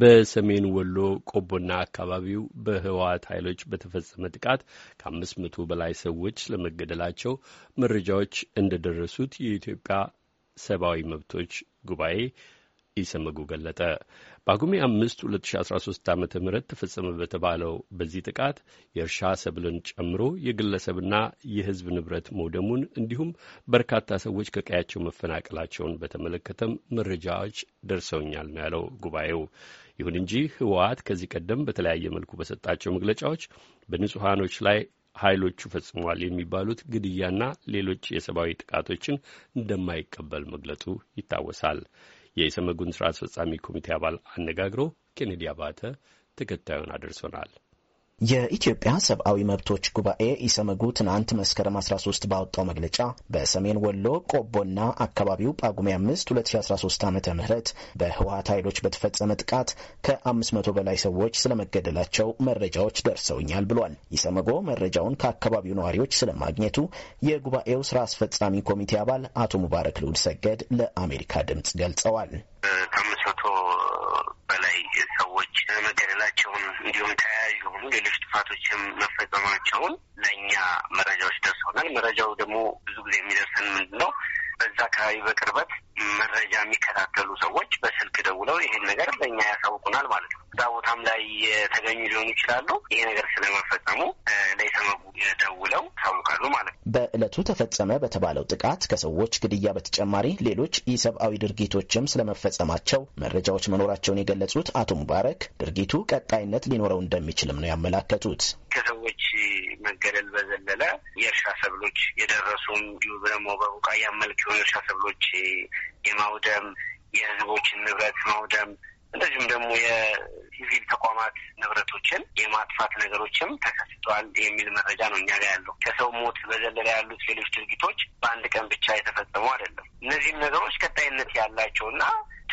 በሰሜን ወሎ ቆቦና አካባቢው በህወሓት ኃይሎች በተፈጸመ ጥቃት ከአምስት መቶ በላይ ሰዎች ለመገደላቸው መረጃዎች እንደደረሱት የኢትዮጵያ ሰብአዊ መብቶች ጉባኤ ኢሰመጉ ገለጠ። በጳጉሜ አምስት 2013 ዓ ም ተፈጸመ በተባለው በዚህ ጥቃት የእርሻ ሰብልን ጨምሮ የግለሰብና የሕዝብ ንብረት መውደሙን እንዲሁም በርካታ ሰዎች ከቀያቸው መፈናቀላቸውን በተመለከተም መረጃዎች ደርሰውኛል ነው ያለው ጉባኤው። ይሁን እንጂ ህወሓት ከዚህ ቀደም በተለያየ መልኩ በሰጣቸው መግለጫዎች በንጹሐኖች ላይ ኃይሎቹ ፈጽሟል የሚባሉት ግድያና ሌሎች የሰብአዊ ጥቃቶችን እንደማይቀበል መግለጡ ይታወሳል። የኢሰመጉን ስራ አስፈጻሚ ኮሚቴ አባል አነጋግሮ ኬኔዲ አባተ ተከታዩን አድርሶናል። የኢትዮጵያ ሰብአዊ መብቶች ጉባኤ ኢሰመጉ ትናንት መስከረም 13 ባወጣው መግለጫ በሰሜን ወሎ ቆቦና አካባቢው ጳጉሜ 5 2013 ዓ ም በህወሀት ኃይሎች በተፈጸመ ጥቃት ከ500 በላይ ሰዎች ስለመገደላቸው መረጃዎች ደርሰውኛል ብሏል። ኢሰመጎ መረጃውን ከአካባቢው ነዋሪዎች ስለማግኘቱ የጉባኤው ስራ አስፈጻሚ ኮሚቴ አባል አቶ ሙባረክ ልውል ሰገድ ለአሜሪካ ድምፅ ገልጸዋል። ከአምስት መቶ ሰዎች መገደላቸውን እንዲሁም ተያያዥ የሆኑ ሌሎች ጥፋቶችም መፈጸማቸውን ለእኛ መረጃዎች ደርሰውናል። መረጃው ደግሞ ብዙ ጊዜ የሚደርሰን ምንድን ነው? በዛ አካባቢ በቅርበት መረጃ የሚከታተሉ ሰዎች በስልክ ደውለው ይሄን ነገር ለእኛ ያሳውቁናል ማለት ነው። እዛ ቦታም ላይ የተገኙ ሊሆኑ ይችላሉ። ይሄ ነገር ስለመፈጸሙ ለኢሰመጉ ደውለው በዕለቱ ተፈጸመ በተባለው ጥቃት ከሰዎች ግድያ በተጨማሪ ሌሎች ኢሰብአዊ ድርጊቶችም ስለመፈጸማቸው መረጃዎች መኖራቸውን የገለጹት አቶ ሙባረክ ድርጊቱ ቀጣይነት ሊኖረው እንደሚችልም ነው ያመላከቱት። ከሰዎች መገደል በዘለለ የእርሻ ሰብሎች የደረሱም እንዲሁ ደግሞ በቡቃያ መልክ የሆኑ እርሻ ሰብሎች የማውደም የህዝቦችን ንብረት ማውደም እንደዚሁም ደግሞ የሲቪል ተቋማት ንብረቶችን የማጥፋት ነገሮችም ተከስተዋል የሚል መረጃ ነው እኛ ጋር ያለው። ከሰው ሞት በዘለለ ያሉት ሌሎች ድርጊቶች በአንድ ቀን ብቻ የተፈጸሙ አይደለም። እነዚህም ነገሮች ቀጣይነት ያላቸው እና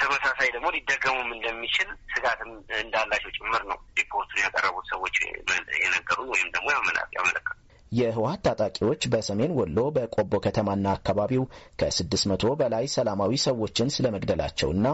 ተመሳሳይ ደግሞ ሊደገሙም እንደሚችል ስጋትም እንዳላቸው ጭምር ነው ሪፖርቱን ያቀረቡት ሰዎች የነገሩን ወይም ደግሞ ያመለከቱ የህወሀት ታጣቂዎች በሰሜን ወሎ በቆቦ ከተማና አካባቢው ከ600 በላይ ሰላማዊ ሰዎችን ስለመግደላቸውና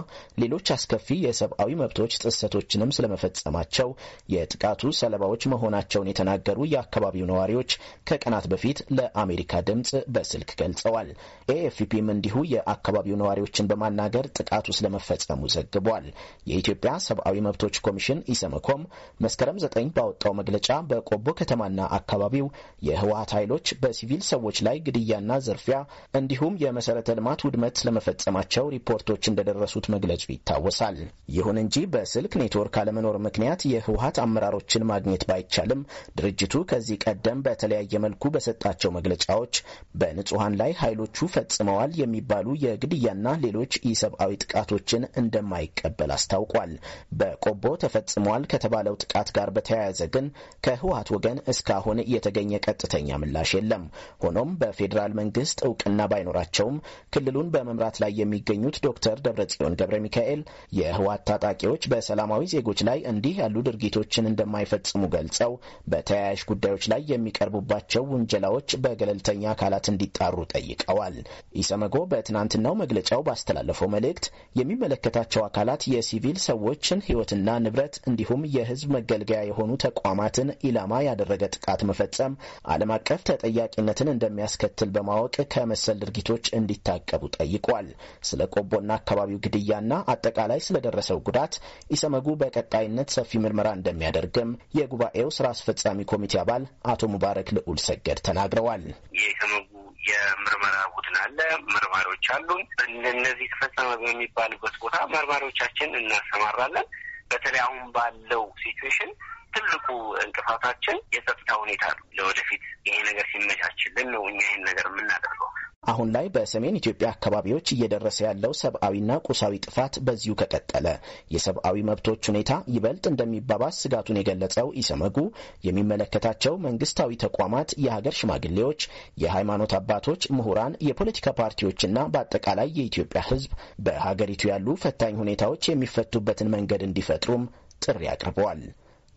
ሌሎች አስከፊ የሰብአዊ መብቶች ጥሰቶችንም ስለመፈጸማቸው የጥቃቱ ሰለባዎች መሆናቸውን የተናገሩ የአካባቢው ነዋሪዎች ከቀናት በፊት ለአሜሪካ ድምፅ በስልክ ገልጸዋል። ኤኤፍፒም እንዲሁ የአካባቢው ነዋሪዎችን በማናገር ጥቃቱ ስለመፈጸሙ ዘግቧል። የኢትዮጵያ ሰብአዊ መብቶች ኮሚሽን ኢሰመኮም መስከረም 9 ባወጣው መግለጫ በቆቦ ከተማና አካባቢው የህወሀት ኃይሎች በሲቪል ሰዎች ላይ ግድያና ዝርፊያ እንዲሁም የመሰረተ ልማት ውድመት ስለመፈጸማቸው ሪፖርቶች እንደደረሱት መግለጹ ይታወሳል። ይሁን እንጂ በስልክ ኔትወርክ አለመኖር ምክንያት የህወሀት አመራሮችን ማግኘት ባይቻልም ድርጅቱ ከዚህ ቀደም በተለያየ መልኩ በሰጣቸው መግለጫዎች በንጹሐን ላይ ኃይሎቹ ፈጽመዋል የሚባሉ የግድያና ሌሎች ኢሰብአዊ ጥቃቶችን እንደማይቀበል አስታውቋል። በቆቦ ተፈጽመዋል ከተባለው ጥቃት ጋር በተያያዘ ግን ከህወሀት ወገን እስካሁን የተገኘ ቀጥተኛ ምላሽ የለም። ሆኖም በፌዴራል መንግስት እውቅና ባይኖራቸውም ክልሉን በመምራት ላይ የሚገኙት ዶክተር ደብረጽዮን ገብረ ሚካኤል የህወሓት ታጣቂዎች በሰላማዊ ዜጎች ላይ እንዲህ ያሉ ድርጊቶችን እንደማይፈጽሙ ገልጸው በተያያዥ ጉዳዮች ላይ የሚቀርቡባቸው ውንጀላዎች በገለልተኛ አካላት እንዲጣሩ ጠይቀዋል። ኢሰመጎ በትናንትናው መግለጫው ባስተላለፈው መልእክት የሚመለከታቸው አካላት የሲቪል ሰዎችን ህይወትና ንብረት እንዲሁም የህዝብ መገልገያ የሆኑ ተቋማትን ኢላማ ያደረገ ጥቃት መፈጸም ዓለም አቀፍ ተጠያቂነትን እንደሚያስከትል በማወቅ ከመሰል ድርጊቶች እንዲታቀቡ ጠይቋል። ስለ ቆቦና አካባቢው ግድያና አጠቃላይ ስለደረሰው ጉዳት ኢሰመጉ በቀጣይነት ሰፊ ምርመራ እንደሚያደርግም የጉባኤው ስራ አስፈጻሚ ኮሚቴ አባል አቶ ሙባረክ ልዑል ሰገድ ተናግረዋል። የምርመራ ቡድን አለ፣ መርማሪዎች አሉን። እነዚህ ተፈጸመ በሚባልበት ቦታ መርማሪዎቻችን እናሰማራለን። በተለይ አሁን ባለው ሲትዌሽን ትልቁ እንቅፋታችን የጸጥታ ሁኔታ ነው። ለወደፊት ይሄ ነገር ሲመቻችልን ነው እኛ ይህን ነገር የምናደርገው። አሁን ላይ በሰሜን ኢትዮጵያ አካባቢዎች እየደረሰ ያለው ሰብአዊና ቁሳዊ ጥፋት በዚሁ ከቀጠለ የሰብአዊ መብቶች ሁኔታ ይበልጥ እንደሚባባስ ስጋቱን የገለጸው ኢሰመጉ የሚመለከታቸው መንግስታዊ ተቋማት፣ የሀገር ሽማግሌዎች፣ የሃይማኖት አባቶች፣ ምሁራን፣ የፖለቲካ ፓርቲዎችና በአጠቃላይ የኢትዮጵያ ሕዝብ በሀገሪቱ ያሉ ፈታኝ ሁኔታዎች የሚፈቱበትን መንገድ እንዲፈጥሩም ጥሪ አቅርበዋል።